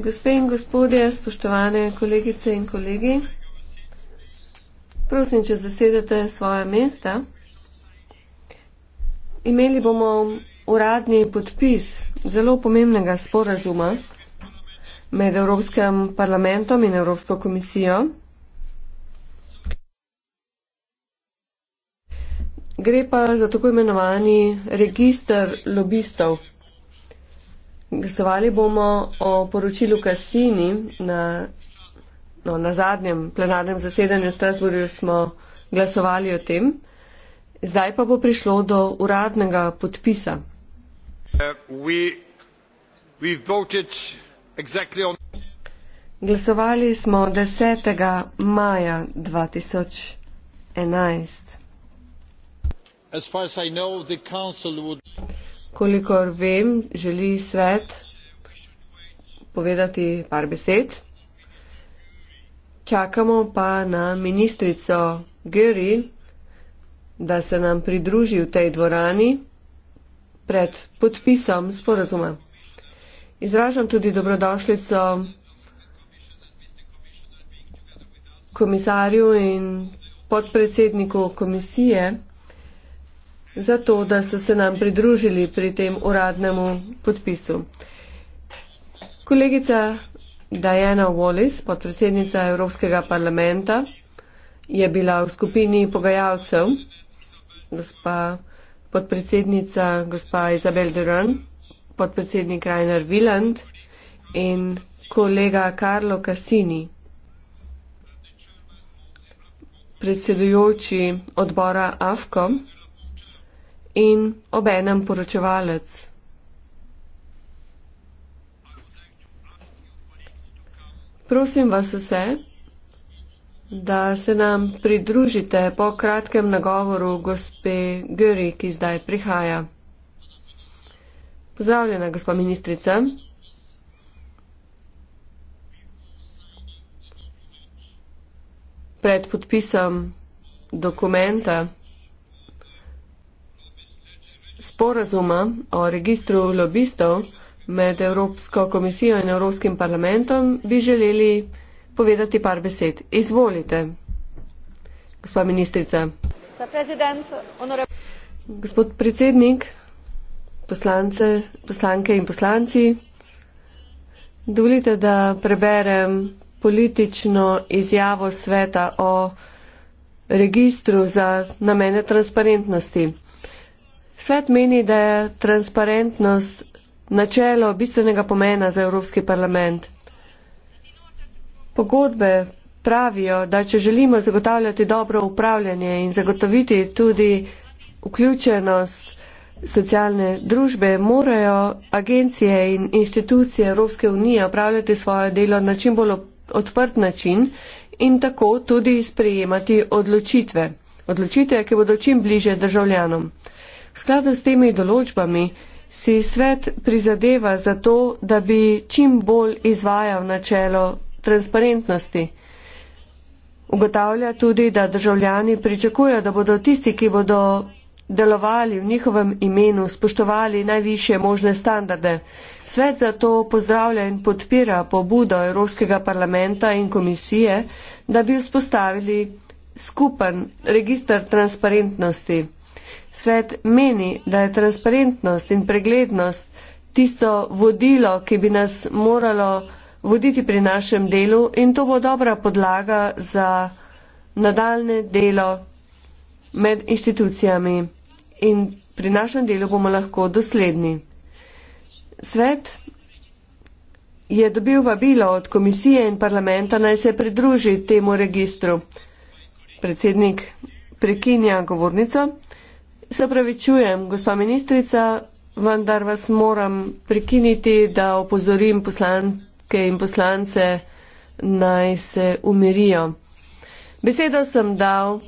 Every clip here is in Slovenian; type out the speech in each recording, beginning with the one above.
Gospe in gospodje, spoštovane kolegice in kolegi, prosim, če zasedete svoje mesta. Imeli bomo uradni podpis zelo pomembnega sporazuma med Evropskim parlamentom in Evropsko komisijo. Gre pa za tako imenovani registr lobistov, Glasovali bomo o poročilu Kasini. Na, no, na zadnjem plenarnem zasedanju v Strasburju smo glasovali o tem. Zdaj pa bo prišlo do uradnega podpisa. Glasovali smo 10. maja 2011. As far as I know, the council would kolikor vem, želi svet povedati par besed. Čakamo pa na ministrico Göri, da se nam pridruži v tej dvorani pred podpisom sporazuma. Izražam tudi dobrodošljico komisarju in podpredsedniku komisije za to, da so se nam pridružili pri tem uradnemu podpisu. Kolegica Diana Wallis, podpredsednica Evropskega parlamenta, je bila v skupini pogajalcev, gospa podpredsednica, gospa Izabel Duran, podpredsednik Rainer Wieland in kolega Karlo Cassini, predsedujoči odbora AFCOM in obenem poročevalec. Prosim vas vse, da se nam pridružite po kratkem nagovoru gospe Göri, ki zdaj prihaja. Pozdravljena, gospa ministrica. Pred podpisom dokumenta sporazuma o registru lobistov med Evropsko komisijo in Evropskim parlamentom bi želeli povedati par besed. Izvolite, gospa ministrica. Gospod predsednik, poslance, poslanke in poslanci, dovolite, da preberem politično izjavo sveta o registru za namene transparentnosti. Svet meni, da je transparentnost načelo bistvenega pomena za Evropski parlament. Pogodbe pravijo, da če želimo zagotavljati dobro upravljanje in zagotoviti tudi vključenost socialne družbe, morajo agencije in inštitucije Evropske unije upravljati svoje delo na čim bolj odprt način in tako tudi sprejemati odločitve. Odločitve, ki bodo čim bliže državljanom skladu s temi določbami si svet prizadeva za to, da bi čim bolj izvajal načelo transparentnosti. Ugotavlja tudi, da državljani pričakujejo, da bodo tisti, ki bodo delovali v njihovem imenu, spoštovali najviše možne standarde. Svet zato pozdravlja in podpira pobudo Evropskega parlamenta in komisije, da bi vzpostavili skupen registr transparentnosti. Svet meni, da je transparentnost in preglednost tisto vodilo, ki bi nas moralo voditi pri našem delu in to bo dobra podlaga za nadaljne delo med inštitucijami in pri našem delu bomo lahko dosledni. Svet je dobil vabilo od komisije in parlamenta naj se pridruži temu registru. Predsednik prekinja govornico se pravi čujem, gospa ministrica, vendar vas moram prekiniti, da opozorim poslanke in poslance naj se umirijo. Besedo sem dal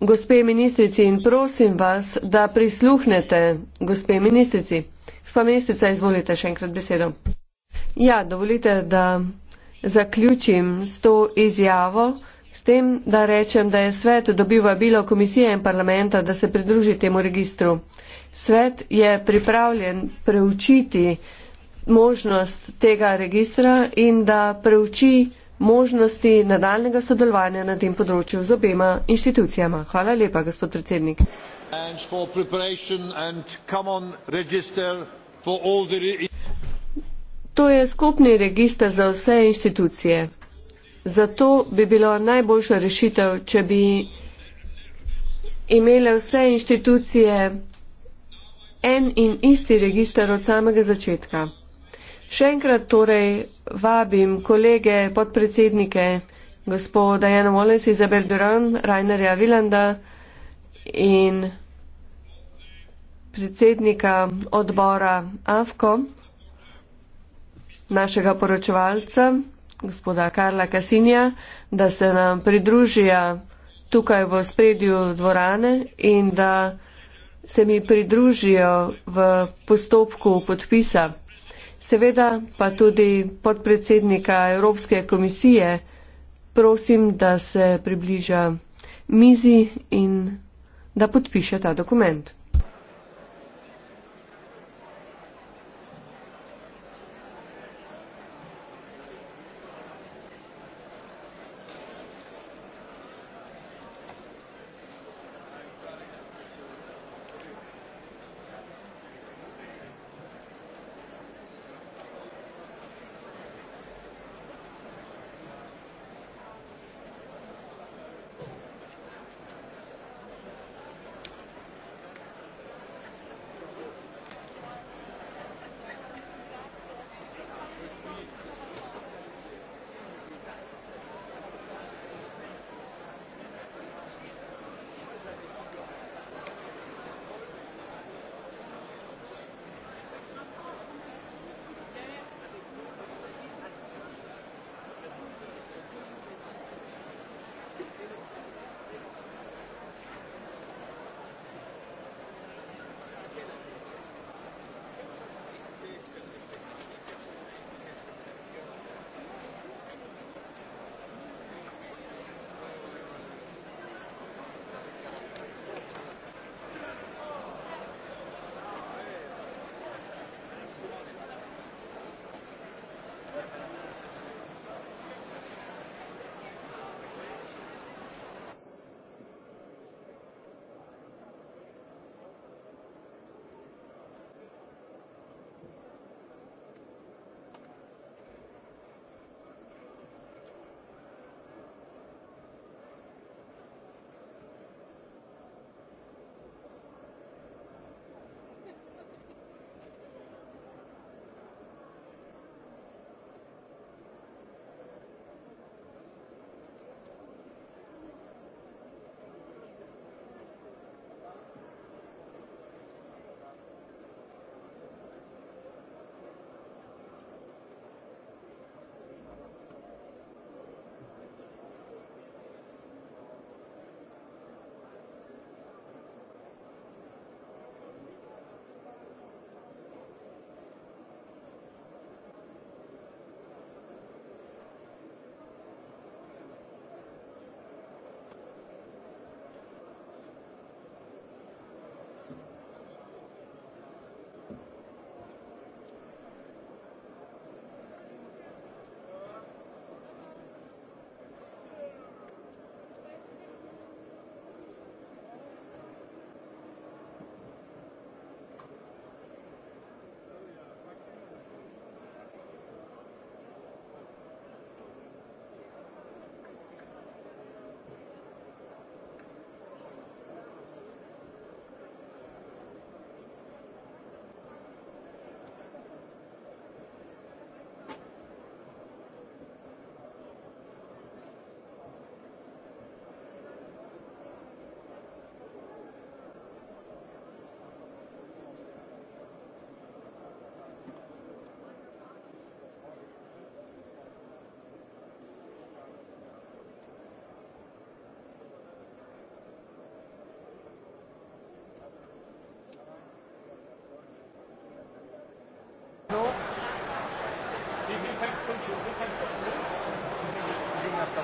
gospe ministrici in prosim vas, da prisluhnete gospe ministrici. Gospa ministrica, izvolite še enkrat besedo. Ja, dovolite, da zaključim s to izjavo. S tem, da rečem, da je svet dobil vabilo komisije in parlamenta, da se pridruži temu registru. Svet je pripravljen preučiti možnost tega registra in da preuči možnosti nadaljnega sodelovanja na tem področju z obema inštitucijama. Hvala lepa, gospod predsednik. To je skupni registr za vse inštitucije. Zato bi bilo najboljša rešitev, če bi imele vse inštitucije en in isti registar od samega začetka. Še enkrat torej vabim kolege, podpredsednike, gospoda Jana Wallace, Izabel Duran, Rainerja Vilanda in predsednika odbora AFKO, našega poročevalca gospoda Karla Kasinja, da se nam pridružijo tukaj v spredju dvorane in da se mi pridružijo v postopku podpisa. Seveda pa tudi podpredsednika Evropske komisije prosim, da se približa mizi in da podpiše ta dokument.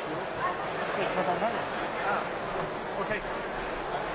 Thank you. That's good for the minutes. Ah, okay.